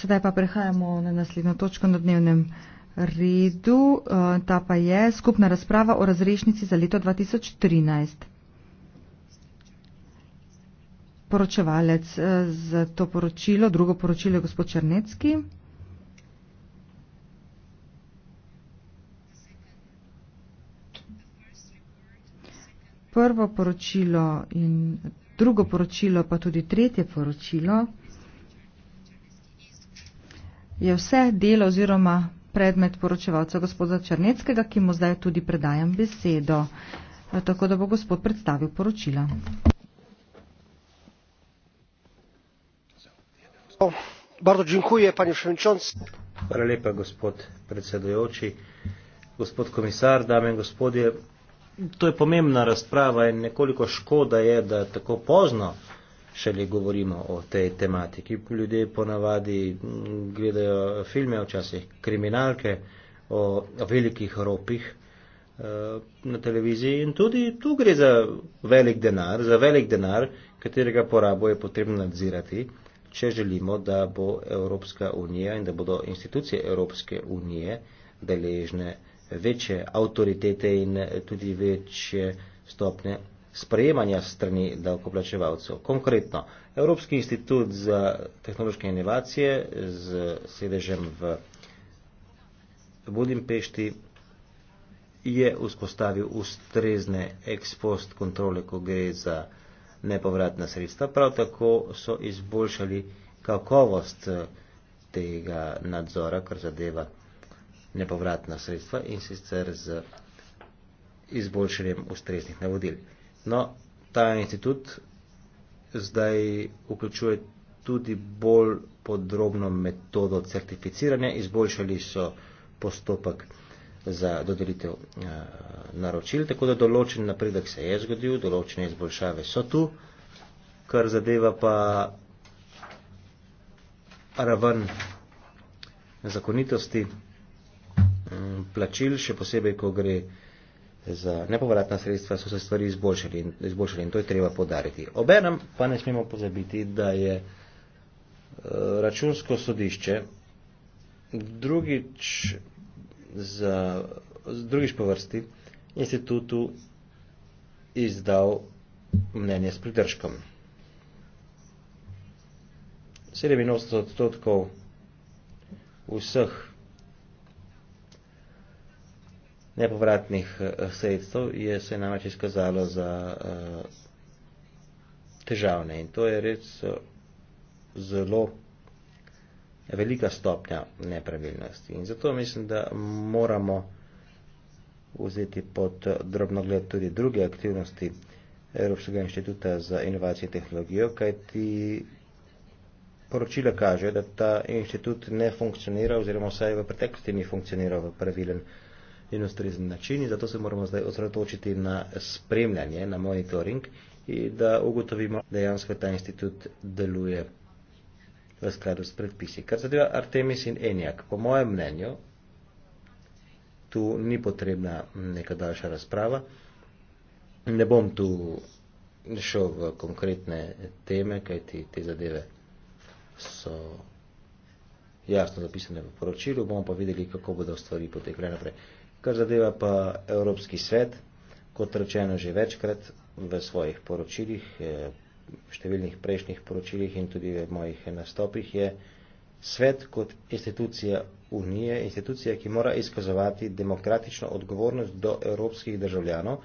Sedaj pa prehajamo na naslednjo točko na dnevnem redu. Eh, ta pa je skupna razprava o razrešnici za leto 2013. Poročevalec eh, za to poročilo, drugo poročilo je gospod Črnecki. Prvo poročilo in drugo poročilo, pa tudi tretje poročilo je vse delo oziroma predmet poročevalca gospoda Črneckega, ki mu zdaj tudi predajam besedo. Tako da bo gospod predstavil poročila. Bardzo dziękuję, panie przewodniczący. Hvala lepa, gospod predsedujoči, gospod komisar, dame in gospodje. To je pomembna razprava in nekoliko škoda je, da tako pozno šele govorimo o tej tematiki. Ljudje ponavadi gledajo filme, včasih kriminalke o, o velikih ropih e, na televiziji in tudi tu gre za velik denar, za velik denar, katerega porabo je potrebno nadzirati, če želimo, da bo Evropska unija in da bodo institucije Evropske unije deležne večje avtoritete in tudi večje stopne sprejemanja strani davkoplačevalcev. Konkretno, Evropski institut za tehnološke inovacije z sedežem v Budimpešti je vzpostavil ustrezne ekspost kontrole, ko gre za nepovratna sredstva. Prav tako so izboljšali kakovost eh, tega nadzora, kar zadeva nepovratna sredstva in sicer z izboljšanjem ustreznih navodil. No, ta institut zdaj vključuje tudi bolj podrobno metodo certificiranja, izboljšali so postopek za dodelitev eh, naročil, tako da določen napredek se je zgodil, določene izboljšave so tu, kar zadeva pa raven zakonitosti mm, plačil, še posebej, ko gre eh, za nepovratna sredstva so se stvari izboljšali in, izboljšali in to je treba podariti. Obenem pa ne smemo pozabiti, da je eh, računsko sodišče drugič, za, drugič po vrsti institutu izdal mnenje s pridržkom. 87 odstotkov vseh nepovratnih eh, sredstev je se namreč izkazalo za eh, težavne in to je res eh, zelo velika stopnja nepravilnosti. In zato mislim, da moramo vzeti pod drobnogled tudi druge aktivnosti Evropskega inštituta za inovacije in tehnologijo, kajti poročila kaže, da ta inštitut ne funkcionira oziroma vsaj v preteklosti ni funkcioniral v pravilen način in ustrezni način. Zato se moramo zdaj osredotočiti na spremljanje, na monitoring in da ugotovimo, da dejansko ta institut deluje v skladu s predpisi. Kar zadeva Artemis in Enjak, po mojem mnenju, tu ni potrebna neka daljša razprava. Ne bom tu šel v konkretne teme, kajti te zadeve so jasno zapisane v poročilu, bomo pa videli, kako bodo stvari potekle naprej. Kar zadeva pa Evropski svet, kot rečeno že večkrat v svojih poročilih, eh, številnih prejšnjih poročilih in tudi v mojih nastopih, je svet kot institucija Unije, institucija, ki mora izkazovati demokratično odgovornost do evropskih državljanov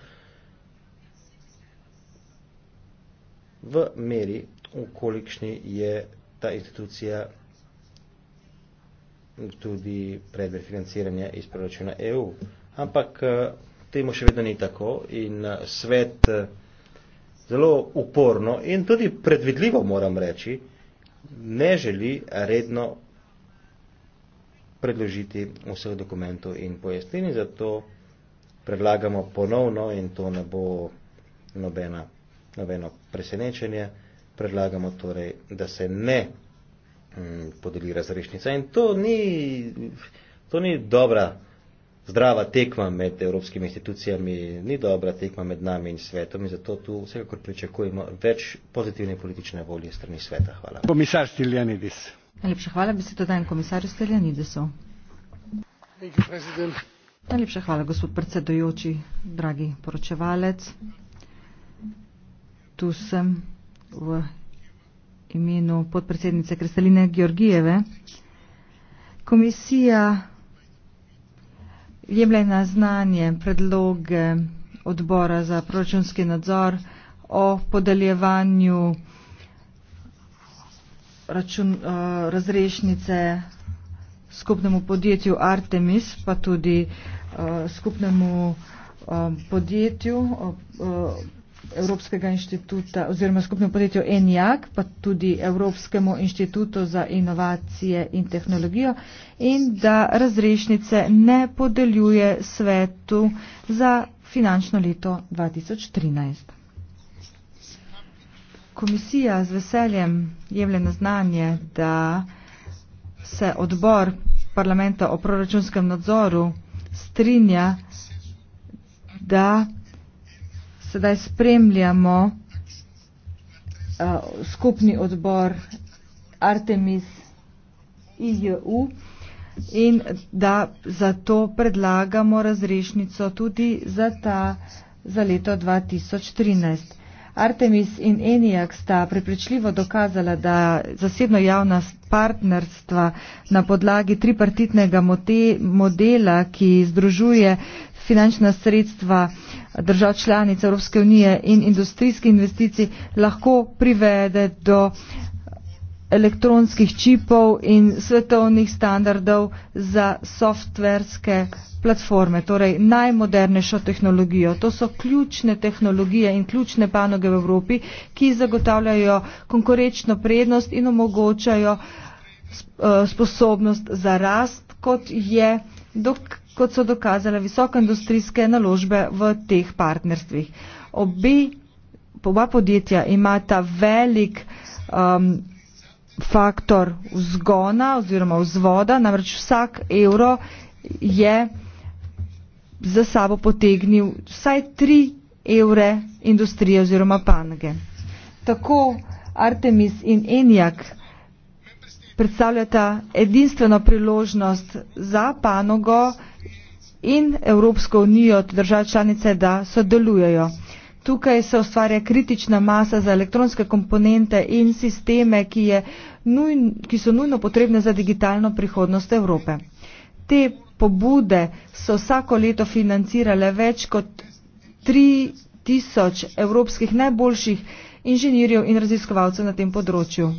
v meri, v kolikšni je ta institucija tudi predmet financiranja iz proračuna EU. Ampak eh, temu še vedno ni tako in eh, svet eh, zelo uporno in tudi predvidljivo, moram reči, ne želi redno predložiti vseh dokumentov in pojasnili, zato predlagamo ponovno in to ne bo nobena, nobeno presenečenje, predlagamo torej, da se ne Mm, podeli razrešnica. In to ni, to ni dobra, zdrava tekma med evropskimi institucijami, ni dobra tekma med nami in svetom in zato tu vsekakor pričakujemo več pozitivne politične volje strani sveta. Hvala. Komisar Stiljanidis. Najlepša hvala, bi se to dajem komisarju Stiljanidisu. Najlepša hvala, gospod predsedujoči, dragi poročevalec. Tu sem v imenu podpredsednice Kristaline Georgijeve. Komisija je bila na znanje predlog odbora za proračunski nadzor o podeljevanju račun, eh, razrešnice skupnemu podjetju Artemis, pa tudi eh, skupnemu eh, podjetju Evropskega inštituta oziroma skupnemu podjetju ENIAC, pa tudi Evropskemu inštitutu za inovacije in tehnologijo in da razrešnice ne podeljuje svetu za finančno leto 2013. Komisija z veseljem jemlje na znanje, da se odbor parlamenta o proračunskem nadzoru strinja, da sedaj spremljamo uh, skupni odbor Artemis IJU in da zato predlagamo razrešnico tudi za, ta, za leto 2013. Artemis in Enijak sta prepričljivo dokazala, da zasebno-javna partnerstva na podlagi tripartitnega modela, ki združuje finančna sredstva držav članic Evropske unije in industrijske investicije, lahko privede do elektronskih čipov in svetovnih standardov za softverske platforme, torej najmodernejšo tehnologijo. To so ključne tehnologije in ključne panoge v Evropi, ki zagotavljajo konkurečno prednost in omogočajo eh, sposobnost za rast, kot, je, dok, kot so dokazale visoke industrijske naložbe v teh partnerstvih. Obi, oba podjetja imata velik um, faktor vzgona oziroma vzvoda, namreč vsak evro je za sabo potegnil vsaj tri evre industrije oziroma panoge. Tako Artemis in Enjak predstavljata edinstveno priložnost za panogo in Evropsko unijo, države članice, da sodelujejo tukaj se ustvarja kritična masa za elektronske komponente in sisteme, ki, nuj, ki so nujno potrebne za digitalno prihodnost Evrope. Te pobude so vsako leto financirale več kot 3000 evropskih najboljših inženirjev in raziskovalcev na tem področju.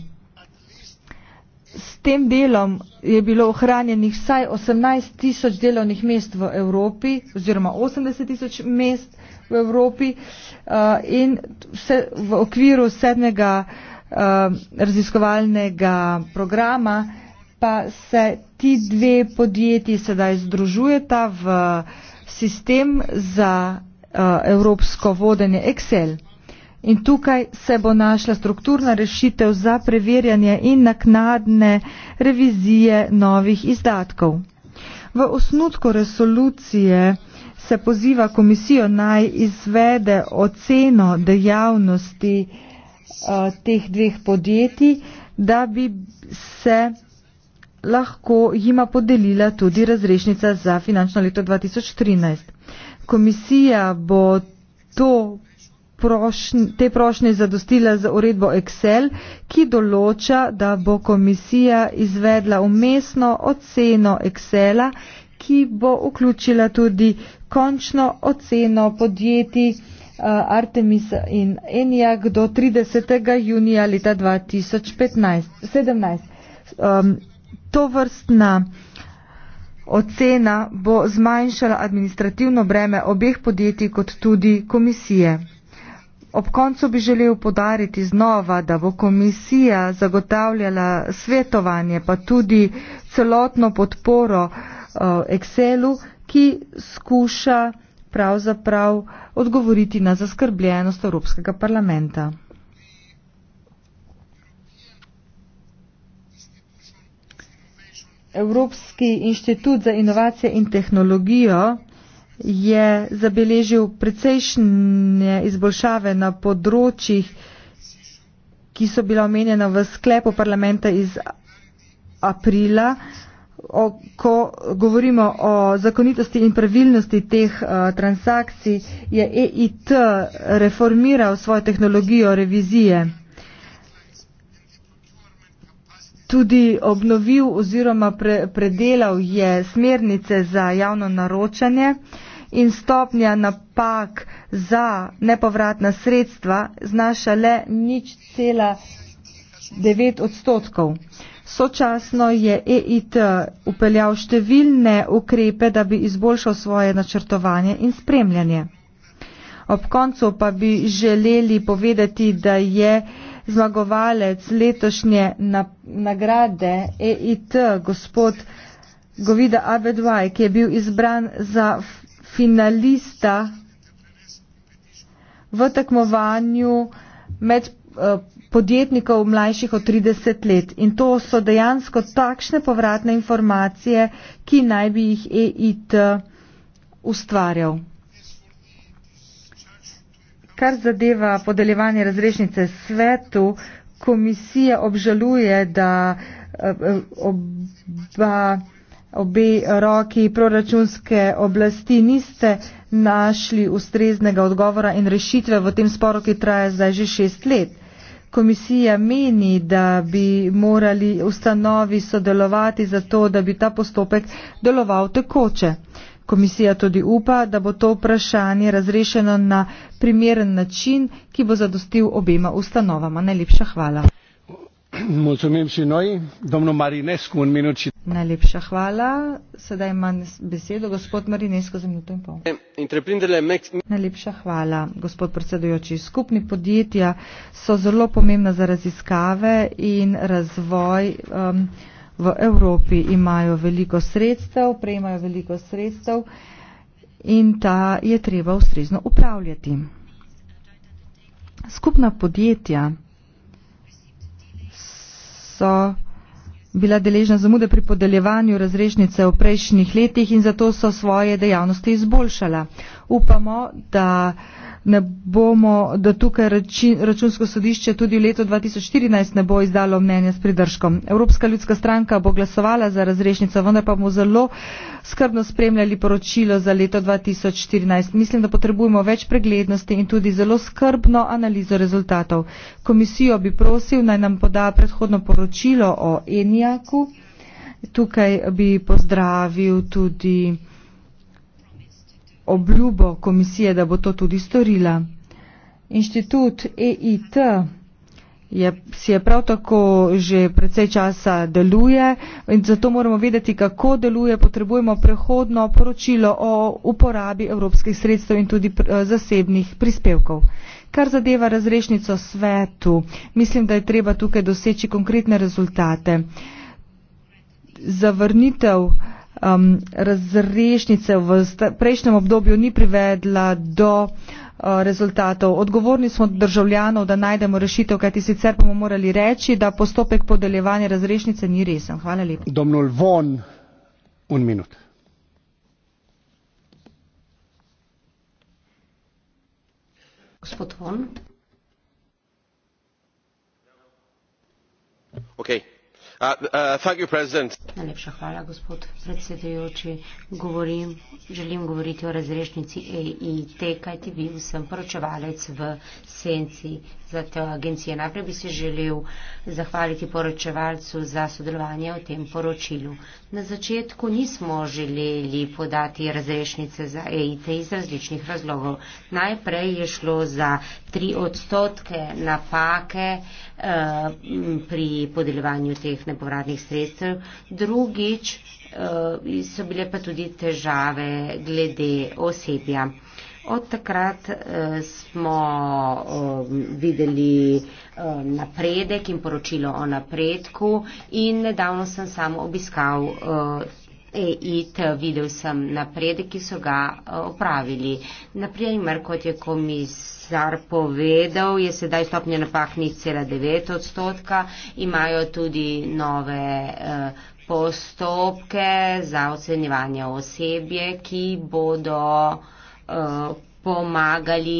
S tem delom je bilo ohranjenih vsaj 18 tisoč delovnih mest v Evropi oziroma 80 tisoč mest v Evropi eh, in vse, v okviru sedmega eh, raziskovalnega programa pa se ti dve podjetji sedaj združujeta v sistem za eh, evropsko vodenje Excel. In tukaj se bo našla strukturna rešitev za preverjanje in naknadne revizije novih izdatkov. V osnutku resolucije se poziva komisijo naj izvede oceno dejavnosti eh, teh dveh podjetij, da bi se lahko jima podelila tudi razrešnica za finančno leto 2013. Komisija bo to prošn, te prošnje zadostila za uredbo Excel, ki določa, da bo komisija izvedla umestno oceno Excela, ki bo vključila tudi končno oceno podjetij uh, Artemis in Enijak do 30. junija leta 2017. Um, to vrstna Ocena bo zmanjšala administrativno breme obeh podjetij kot tudi komisije. Ob koncu bi želel podariti znova, da bo komisija zagotavljala svetovanje pa tudi celotno podporo eh, Excelu, ki skuša pravzaprav odgovoriti na zaskrbljenost Evropskega parlamenta. Evropski inštitut za inovacije in tehnologijo je zabeležil precejšnje izboljšave na področjih, ki so bila omenjena v sklepu parlamenta iz aprila, o, ko govorimo o zakonitosti in pravilnosti teh uh, transakcij, je EIT reformiral svojo tehnologijo revizije. Tudi obnovil oziroma pre, predelal je smernice za javno naročanje. Uh, in stopnja napak za nepovratna sredstva znaša le nič cela 9 odstotkov. Sočasno je EIT upeljal številne ukrepe, da bi izboljšal svoje načrtovanje in spremljanje. Ob koncu pa bi želeli povedati, da je zmagovalec letošnje na, nagrade EIT gospod Govida Abedvaj, ki je bil izbran za finalista v tekmovanju med eh, podjetnikov mlajših od 30 let. In to so dejansko takšne povratne informacije, ki naj bi jih EIT ustvarjal. Kar zadeva podeljevanje razrešnice svetu, komisija obžaluje, da eh, eh, oba obe roki proračunske oblasti niste našli ustreznega odgovora in rešitve v tem sporu, ki traja zdaj že šest let. Komisija meni, da bi morali ustanovi sodelovati za to, da bi ta postopek deloval tekoče. Komisija tudi upa, da bo to vprašanje razrešeno na primeren način, ki bo zadostil obema ustanovama. Najlepša hvala. Najlepša hvala. Sedaj ima besedo gospod Marinesko za minuto in pol. E, Najlepša hvala, gospod predsedujoči. Skupni podjetja so zelo pomembna za raziskave in razvoj. Um, v Evropi imajo veliko sredstev, prejmajo veliko sredstev in ta je treba ustrezno upravljati. Skupna podjetja so bila deležna zamude pri podeljevanju razrešnice v prejšnjih letih in zato so svoje dejavnosti izboljšala. Upamo, da uh, ne bomo, da tukaj računsko sodišče tudi v letu 2014 ne bo izdalo mnenja s pridržkom. Evropska ljudska stranka bo glasovala za razrešnico, vendar pa bomo zelo skrbno spremljali poročilo za leto 2014. Mislim, da potrebujemo več preglednosti in tudi zelo skrbno analizo rezultatov. Komisijo bi prosil, naj nam poda predhodno poročilo o Enijaku. Tukaj bi pozdravil tudi obljubo komisije, da bo to tudi storila. Inštitut EIT je, si je prav tako že predvsej časa deluje in zato moramo vedeti, kako deluje. Potrebujemo prehodno poročilo o uporabi evropskih sredstev in tudi eh, zasebnih prispevkov. Kar zadeva razrešnico svetu, mislim, da je treba tukaj doseči konkretne rezultate. Zavrnitev um, razrešnice v prejšnjem obdobju ni privedla do uh, rezultatov. Odgovorni smo državljanov, da najdemo rešitev, kajti sicer bomo morali reči, da postopek podeljevanja razrešnice ni resen. Hvala lepa. Domnul Von, un minut. Gospod Von. Okay. Uh, uh, Najlepša hvala, gospod predsedujoči. Govorim, želim govoriti o razrešnici EIT, kaj ti bil sem poročevalec v senci za to agencijo. Najprej bi se želel zahvaliti poročevalcu za sodelovanje v tem poročilu. Na začetku nismo želeli podati razrešnice za EIT iz različnih razlogov. Najprej je šlo za tri odstotke napake eh, pri podeljevanju teh nepovratnih sredstev, drugič eh, so bile pa tudi težave glede osebja. Od takrat eh, smo eh, videli napredek in poročilo o napredku in nedavno sem sam obiskal E in videl sem napredek, ki so ga eh, opravili. Naprimer, kot je komisar povedal, je sedaj stopnja napahnih cela 9 odstotka, imajo tudi nove eh, postopke za ocenjevanje osebje, ki bodo eh, pomagali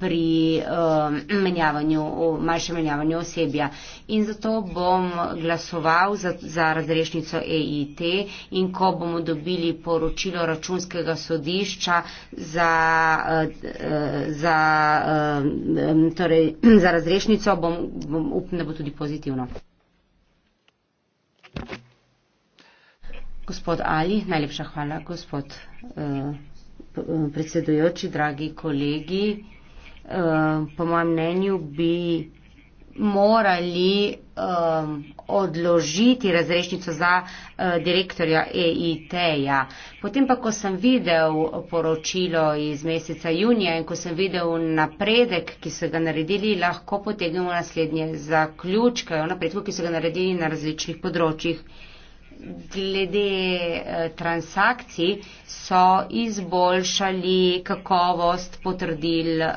pri um, menjavanju, manjšem menjavanju osebja. In zato bom glasoval za, za razrešnico EIT in ko bomo dobili poročilo računskega sodišča za, uh, za, uh, torej, za razrešnico, bom, bom upam, da bo tudi pozitivno. Gospod Ali, najlepša hvala, gospod uh, predsedujoči, dragi kolegi. Eh, po mojem mnenju, bi morali um, odložiti razrešnico za uh, direktorja EIT-ja. Potem pa, ko sem videl poročilo iz meseca junija in ko sem videl napredek, ki so ga naredili, lahko potegnemo naslednje zaključke o napredku, ki so ga naredili na različnih področjih. Uh, glede eh, transakcij so izboljšali kakovost potrdil eh,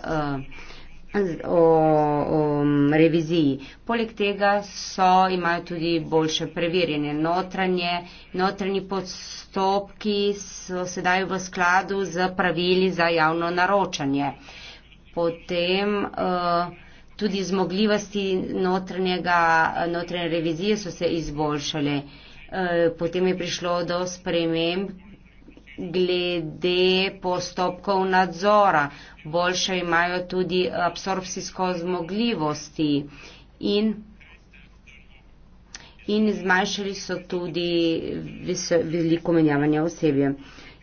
o, o reviziji. Poleg tega so, imajo tudi boljše preverjanje notranje. Notranji postopki so sedaj v skladu z pravili za javno naročanje. Potem eh, tudi zmogljivosti notranjega, notranje revizije so se izboljšale. Eh, potem je prišlo do sprememb glede postopkov nadzora. Boljše imajo tudi absorpcijsko zmogljivosti in, in zmanjšali so tudi veliko menjavanja osebja.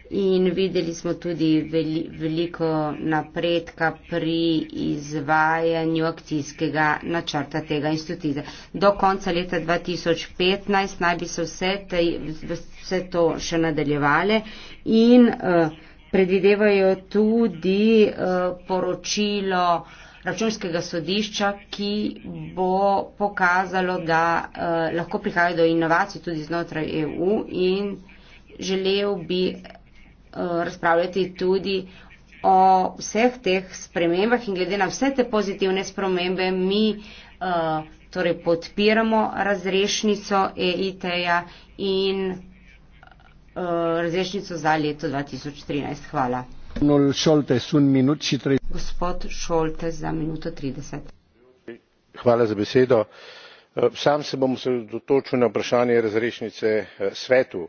In videli smo tudi veli, veliko napredka pri izvajanju akcijskega načrta tega instituta. Do konca leta 2015 naj bi se vse, taj, vse to še nadaljevale in uh, predvidevajo tudi uh, poročilo računskega sodišča, ki bo pokazalo, da uh, lahko prihaja do inovacij tudi znotraj EU in želel bi Eh, razpravljati tudi o vseh teh spremembah in glede na vse te pozitivne spremembe mi uh, torej podpiramo razrešnico EIT-ja in uh, razrešnico za leto 2013. Hvala. Šoltes, minut, Gospod Šolte za minuto 30. Hvala za besedo. Sam se bom se dotočil na vprašanje razrešnice svetu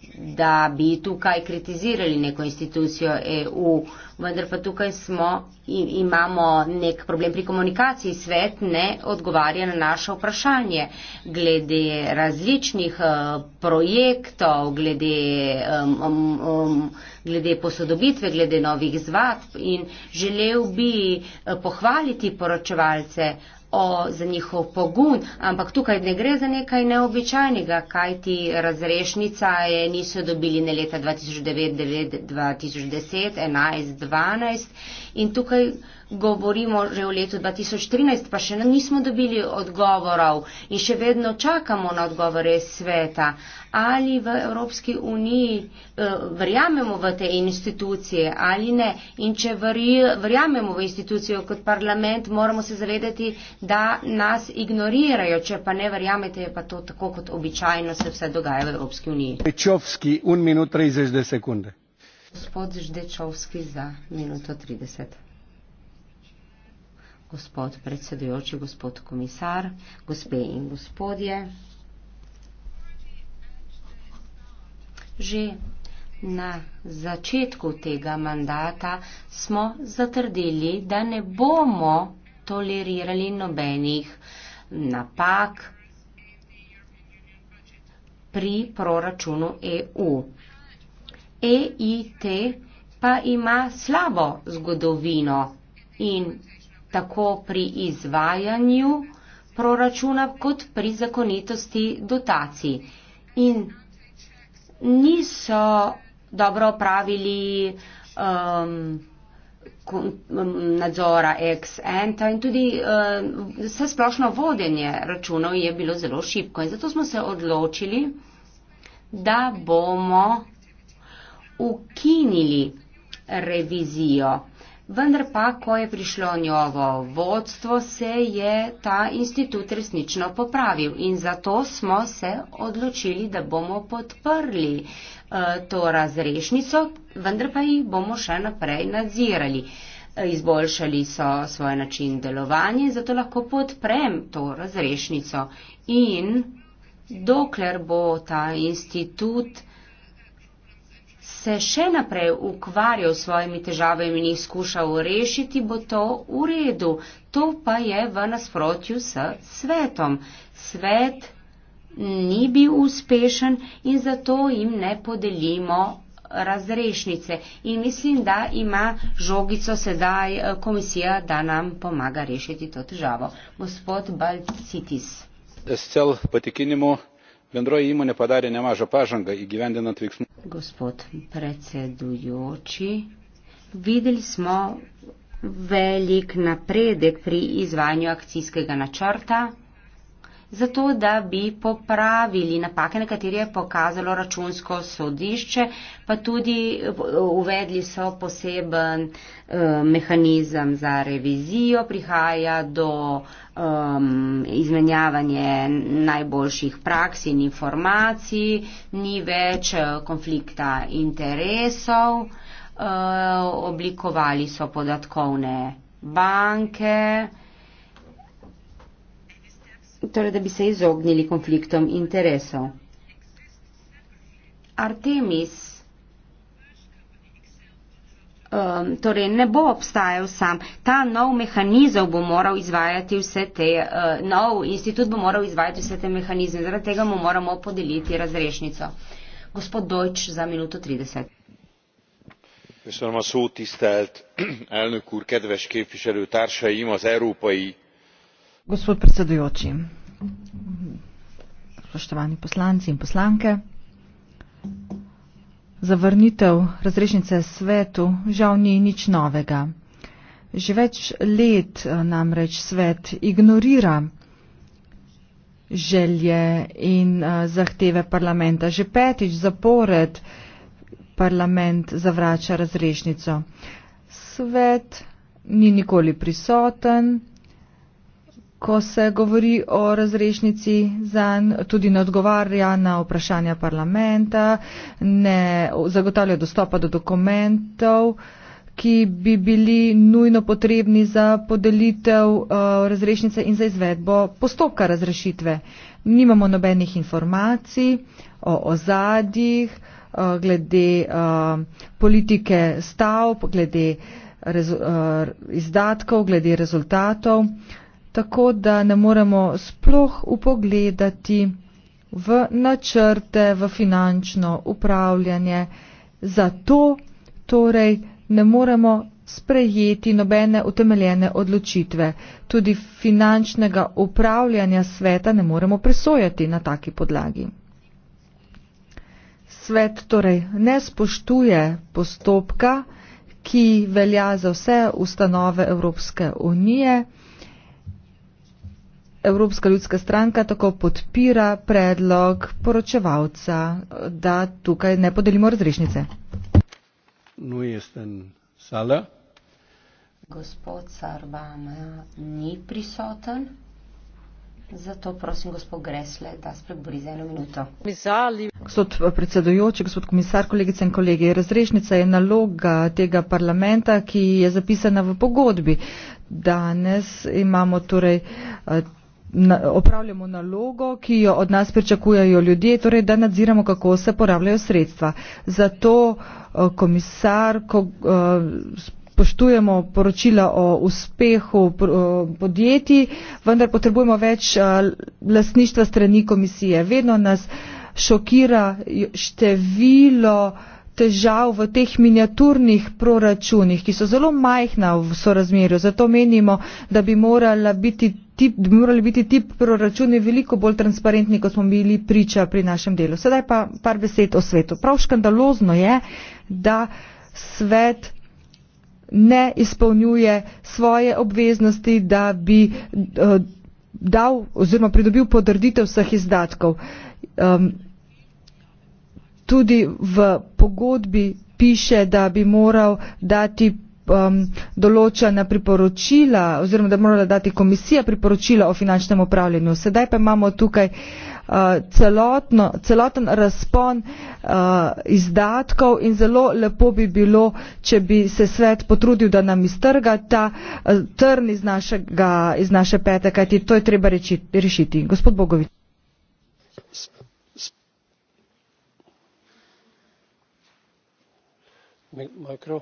da bi tukaj kritizirali neko institucijo EU, vendar pa tukaj smo in imamo nek problem pri komunikaciji. Svet ne odgovarja na naše vprašanje glede različnih eh, projektov, glede, um, um, glede posodobitve, glede novih zvad in želel bi eh, pohvaliti poročevalce, o, za njihov pogum, ampak tukaj ne gre za nekaj neobičajnega, kaj ti razrešnica je, niso dobili ne leta 2009, 2010, 2011, 2012 In tukaj govorimo že o letu 2013, pa še nismo dobili odgovorov in še vedno čakamo na odgovore sveta. Ali v Evropski uniji eh, verjamemo v te institucije ali ne. In če verjamemo v institucijo kot parlament, moramo se zavedati, da nas ignorirajo. Če pa ne verjamete, je pa to tako kot običajno se vse dogaja v Evropski uniji. Pečovski, un minut 30 sekunde. Gospod Ždečovski za minuto 30. Gospod predsedujoči, gospod komisar, gospe in gospodje. Že na začetku tega mandata smo zatrdili, da ne bomo tolerirali nobenih napak pri proračunu EU. EIT pa ima slabo zgodovino in tako pri izvajanju proračuna kot pri zakonitosti dotacij. In niso dobro opravili um, um nadzora ex ante in tudi um, vse splošno vodenje računov je bilo zelo šipko. In zato smo se odločili, da bomo ukinili revizijo. Vendar pa, ko je prišlo njovo vodstvo, se je ta institut resnično popravil in zato smo se odločili, da bomo podprli uh, to razrešnico, vendar pa jih bomo še naprej nadzirali. Eh, izboljšali so svoj način delovanja, zato lahko podprem to razrešnico in dokler bo ta institut se še naprej ukvarjal s svojimi težavami in jih skušal rešiti, bo to v redu. To pa je v nasprotju s svetom. Svet ni bil uspešen in zato jim ne podelimo razrešnice. In mislim, da ima žogico sedaj eh, komisija, da nam pomaga rešiti to težavo. Gospod Balcitis. S cel patikinimo bendroji įmonė padarė nemažą pažangą įgyvendinant veiksmų. Gospod predsedujoči, videli smo velik napredek pri izvanju akcijskega načrta zato da bi popravili napake, na katere je pokazalo računsko sodišče, pa tudi uvedli so poseben eh, mehanizem za revizijo, prihaja do um, izmenjavanja najboljših praks in informacij, ni več eh, konflikta interesov, uh, oblikovali so podatkovne banke, torej da bi se izognili konfliktom interesov. Artemis um, torej ne bo obstajal sam. Ta nov mehanizem bo moral izvajati vse te, uh, nov institut bo moral izvajati vse te mehanizme, zaradi tega mu moramo podeliti razrešnico. Gospod Dojč za minuto 30. Köszönöm a szót, tisztelt elnök úr, kedves képviselőtársaim, az európai Gospod predsedujoči, spoštovani poslanci in poslanke, zavrnitev razrešnice svetu žal ni nič novega. Že več let eh, namreč svet ignorira želje in eh, zahteve parlamenta. Že petič zapored parlament zavrača razrešnico. Svet ni nikoli prisoten ko se govori o razrešnici, zanj tudi ne odgovarja na vprašanja parlamenta, ne zagotavlja dostopa do dokumentov, ki bi bili nujno potrebni za podelitev uh, razrešnice in za izvedbo postopka razrešitve. Nimamo nobenih informacij o ozadjih, uh, glede uh, politike stavb, glede rezo, uh, izdatkov, glede rezultatov. Uh, tako da ne moremo sploh upogledati v načrte, v finančno upravljanje. Zato torej ne moremo sprejeti nobene utemeljene odločitve. Tudi finančnega upravljanja sveta ne moremo presojati na taki podlagi. Svet torej ne spoštuje postopka, ki velja za vse ustanove Evropske unije. Evropska ljudska stranka tako podpira predlog poročevalca, da tukaj ne podelimo razrešnice. No, jaz sem Sala. Gospod Sarbana ni prisoten. Zato prosim, gospod Gresle, da spregovori za eno minuto. Mizali. Gospod predsedujoči, gospod komisar, kolegice in kolegi, razrešnica je naloga tega parlamenta, ki je zapisana v pogodbi. Danes imamo torej eh, na, opravljamo nalogo, ki jo od nas pričakujejo ljudje, torej da nadziramo, kako se porabljajo sredstva. Zato eh, komisar, ko eh, spoštujemo poročila o uspehu eh, podjetij, vendar potrebujemo več lasništva strani komisije. Vedno nas šokira število težav v teh miniaturnih proračunih, ki so zelo majhna v sorazmerju. Zato menimo, da bi morala biti tip, bi morali biti ti proračuni veliko bolj transparentni, kot smo bili priča pri našem delu. Sedaj pa par besed o svetu. Prav škandalozno je, da svet ne izpolnjuje svoje obveznosti, da bi eh, dal oziroma pridobil podrditev vseh izdatkov. Um, tudi v pogodbi piše, da bi moral dati um, določena priporočila oziroma da morala dati komisija priporočila o finančnem upravljanju. Sedaj pa imamo tukaj uh, celotno, celoten razpon uh, izdatkov in zelo lepo bi bilo, če bi se svet potrudil, da nam iztrga ta uh, trn iz, našega, iz naše pete, kajti to je treba reči, rešiti. Gospod Bogovič. Mikro.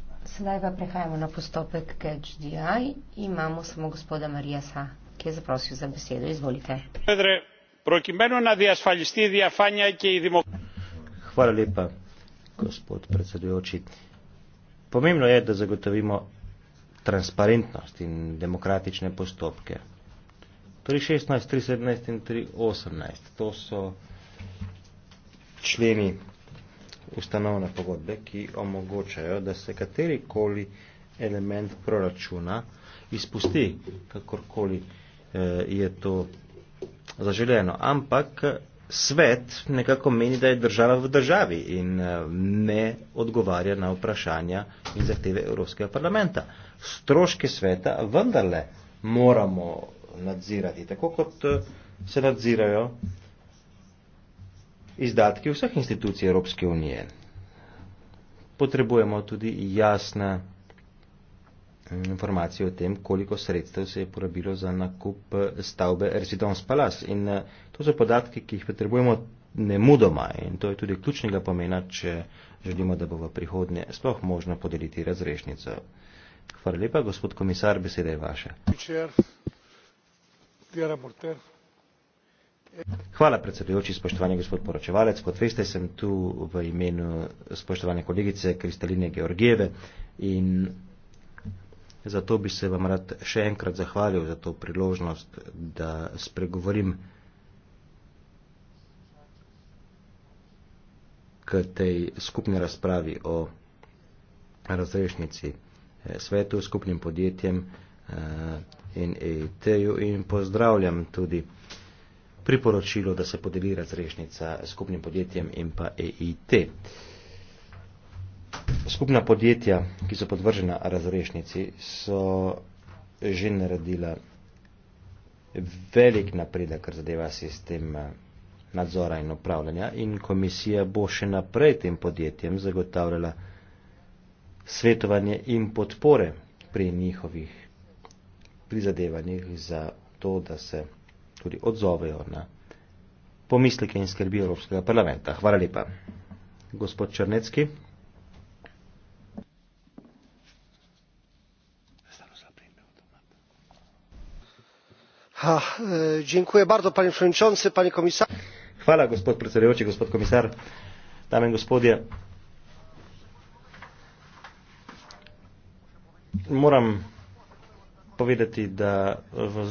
Sedaj pa prehajamo na postopek GDI. Imamo samo gospoda Marija Sa, ki je zaprosil za besedo. Izvolite. Hvala lepa, gospod predsedujoči. Pomembno je, da zagotovimo transparentnost in demokratične postopke. 316, 317 in 318. To so členi ustanovne pogodbe, ki omogočajo, da se katerikoli element proračuna izpusti, kakorkoli eh, je to zaželeno. Ampak svet nekako meni, da je država v državi in eh, ne odgovarja na vprašanja in zahteve Evropskega parlamenta. Stroške sveta vendarle moramo nadzirati, tako kot eh, se nadzirajo izdatki vseh institucij Evropske unije. Potrebujemo tudi jasna mm, informacije o tem, koliko sredstev se je porabilo za nakup eh, stavbe Residence Palace. In eh, to so podatki, ki jih potrebujemo ne mudoma in to je tudi ključnega pomena, če želimo, da bo v prihodnje sploh možno podeliti razrešnico. Hvala lepa, gospod komisar, beseda je vaša. Večer, Hvala predsedujoči, spoštovani gospod poročevalec. Kot veste, sem tu v imenu spoštovane kolegice Kristaline Georgijeve in zato bi se vam rad še enkrat zahvalil za to priložnost, da spregovorim k tej skupni razpravi o razrešnici eh, svetu, skupnim podjetjem eh, in ET-ju in pozdravljam tudi priporočilo, da se podeli razrešnica skupnim podjetjem in pa EIT. Skupna podjetja, ki so podvržena razrešnici, so že naredila velik napredek, kar zadeva sistem eh, nadzora in upravljanja in komisija bo še naprej tem podjetjem zagotavljala svetovanje in podpore pri njihovih prizadevanjih za to, da se tudi odzovejo na pomisleke in skrbi Evropskega parlamenta. Hvala lepa. Gospod Črnecki. E, Hvala, gospod predsedujoči, gospod komisar, dame in gospodje. Moram povedati, da v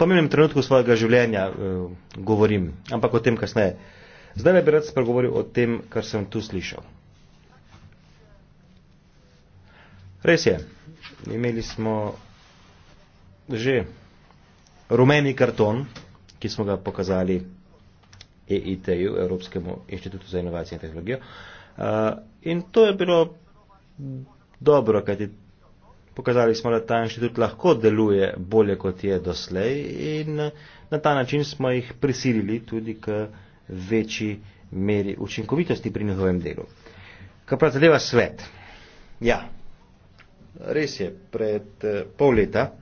pomembnem trenutku svojega življenja uh, govorim, ampak o tem kasneje. Zdaj bi rad spregovoril o tem, kar sem tu slišal. Res je, imeli smo že rumeni karton, ki smo ga pokazali EIT-ju, Evropskemu inštitutu za inovacije in tehnologijo. Uh, in to je bilo dobro, kajti Pokazali smo, da ta inštitut lahko deluje bolje, kot je doslej in na ta način smo jih prisilili tudi k večji meri učinkovitosti pri njihovem delu. Kar pa zadeva svet. Ja, res je, pred eh, pol leta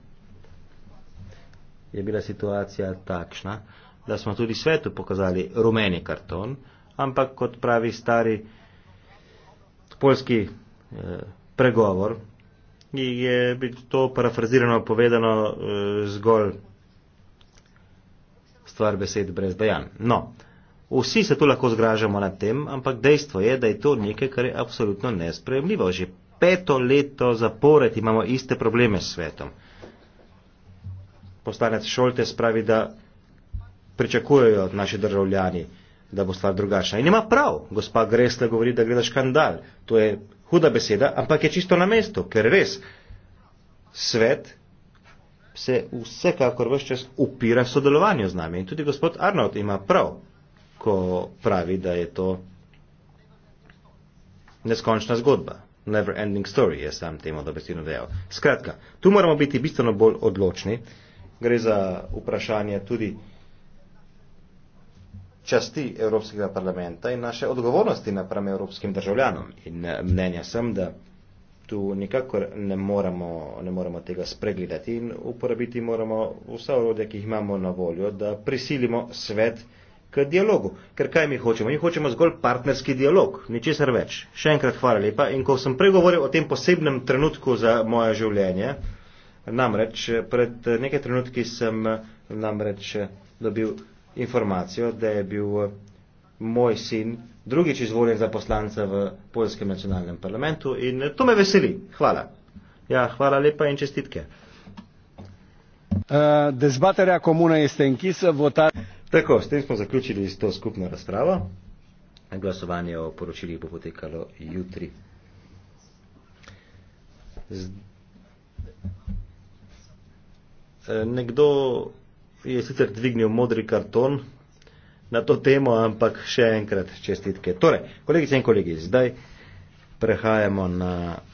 je bila situacija takšna, da smo tudi svetu pokazali rumeni karton, ampak kot pravi stari polski eh, pregovor, je to parafrazirano povedano eh, zgolj stvar besed brez dejanj. No, vsi se tu lahko zgražamo nad tem, ampak dejstvo je, da je to nekaj, kar je absolutno nespremljivo. Že peto leto zapored imamo iste probleme s svetom. Poslanec Šolte spravi, da pričakujejo naši državljani, da bo stvar drugačna. In ima prav, gospa Gresle govori, da gre za škandal. To je huda beseda, ampak je čisto na mestu, ker res svet se vsekakor vse čas upira sodelovanju z nami. In tudi gospod Arnold ima prav, ko pravi, da je to neskončna zgodba. Never ending story je sam temu dobesedno dejal. Skratka, tu moramo biti bistveno bolj odločni. Gre za vprašanje tudi časti Evropskega parlamenta in naše odgovornosti napram evropskim državljanom. In eh, mnenja sem, da tu nikakor ne moramo, ne moramo tega spregledati in uporabiti moramo vsa urodja, ki jih imamo na voljo, da prisilimo svet k dialogu. Ker kaj mi hočemo? Mi hočemo zgolj partnerski dialog, ničesar več. Še enkrat hvala lepa in ko sem pregovoril o tem posebnem trenutku za moje življenje, namreč pred eh, nekaj trenutki sem namreč eh, dobil informacijo, da je bil eh, moj sin drugič izvoljen za poslanca v Poljskem nacionalnem parlamentu in eh, to me veseli. Hvala. Ja, hvala lepa in čestitke. Eh, Tako, s tem smo zaključili s to skupno razpravo. Glasovanje o poročilih bo potekalo jutri. Zd... Nekdo je sicer dvignil modri karton na to temo, ampak še enkrat čestitke. Torej, kolegice in kolegi, zdaj prehajamo na